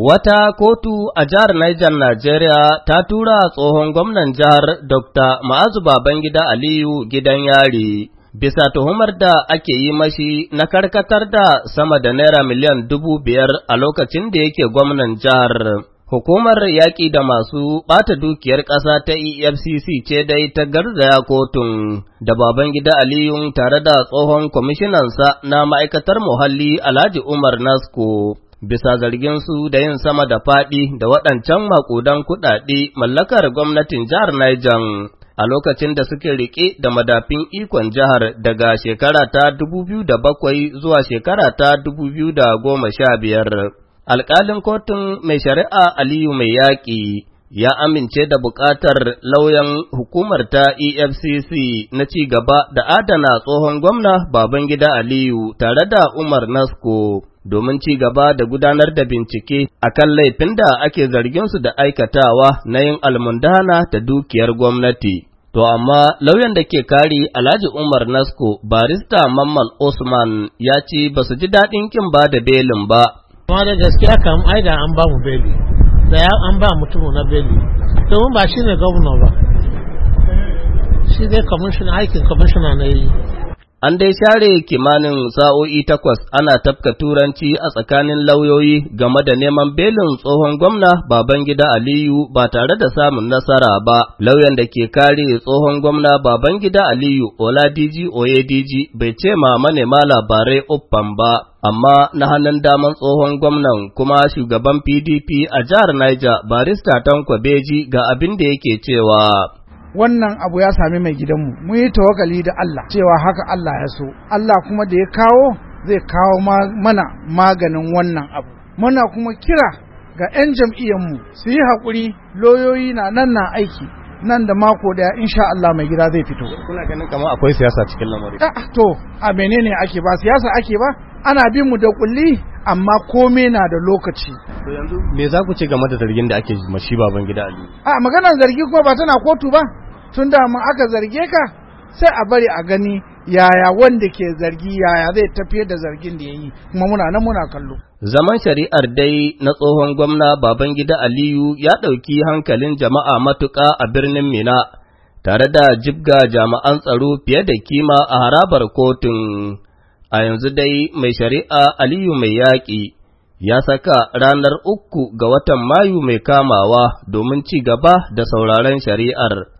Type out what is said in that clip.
Wata kotu a jihar Niger Najeriya ta tura tsohon gwamnan jihar Dr. Ma'azu Babangida Aliyu gidan yari, bisa tuhumar da ake yi mashi na karkatar da sama da naira miliyan dubu biyar a lokacin da yake gwamnan jihar. Hukumar yaƙi da masu ɓata dukiyar ƙasa ta EFCC ce dai ta garzaya kotun da Babangida Aliyu tare da tsohon kwamishinansa na ma'aikatar muhalli Alhaji Umar Nasko. bisa zargin su da yin sama da faɗi da waɗancan maƙudan kuɗaɗe mallakar gwamnatin jihar Niger a lokacin da suke riƙe da madafin ikon jihar daga shekara ta 2007 zuwa shekara ta 2015. Alƙalin kotun mai shari'a Aliyu mai yaƙi ya amince da buƙatar lauyan hukumar ta EFCC na ci gaba da adana tsohon gwamna Babangida Aliyu tare da Umar Nasko domin ci gaba da gudanar da bincike a kan laifin da ake zarginsu da aikatawa na yin almundana da dukiyar gwamnati. To amma lauyan da ke kari Alhaji Umar Nasko barista Mamman Osman ya ce ba su ji daɗin kin ba da belin ba. Kuma da gaskiya kam ai da an ba mu beli. da ya an ba mutum na beli domin ba shi ne gwamna ba shi dai aikin kwamishina na yi An dai share kimanin sa'o'i takwas ana tafka turanci a tsakanin lauyoyi game da neman belin tsohon gwamna Babangida Aliyu ba tare da samun nasara ba, lauyan da ke kare tsohon gwamna Babangida Aliyu Oladiji Oyediji bai ce ma manema labarai uffan ba. amma na hannun daman tsohon gwamnan kuma shugaban PDP a jihar Niger barista Tanko Beji ga abin da yake cewa wannan abu ya sami mai gidanmu mu yi tawakali da Allah cewa haka Allah ya so Allah kuma da ya kawo zai kawo mana maganin wannan abu muna kuma kira ga 'yan jam'iyyarmu su yi haƙuri loyoyi na nan na aiki nan da mako daya insha Allah mai gida zai fito kuna ganin kamar akwai siyasa cikin lamari ah, ah to a menene ake ba siyasa ake ba ana bin mu da kulli amma kome na da lokaci. To yanzu me za ku ce game da zargin da ake mashi baban gida Ali? A ah, maganar zargi kuma ba tana kotu ba. tun da mun aka zarge ka sai a bari a gani yaya wanda ke zargi yaya zai tafiye da zargin da ya yi kuma muna nan muna kallo. Zaman shari'ar dai na tsohon gwamna Babangida Aliyu ya ɗauki hankalin jama'a matuƙa a birnin Mina tare da jibga jami'an tsaro fiye da kima a harabar kotun. A yanzu dai mai shari'a Aliyu mai yaƙi ya saka ranar uku ga watan Mayu mai kamawa domin ci gaba da sauraron shari'ar.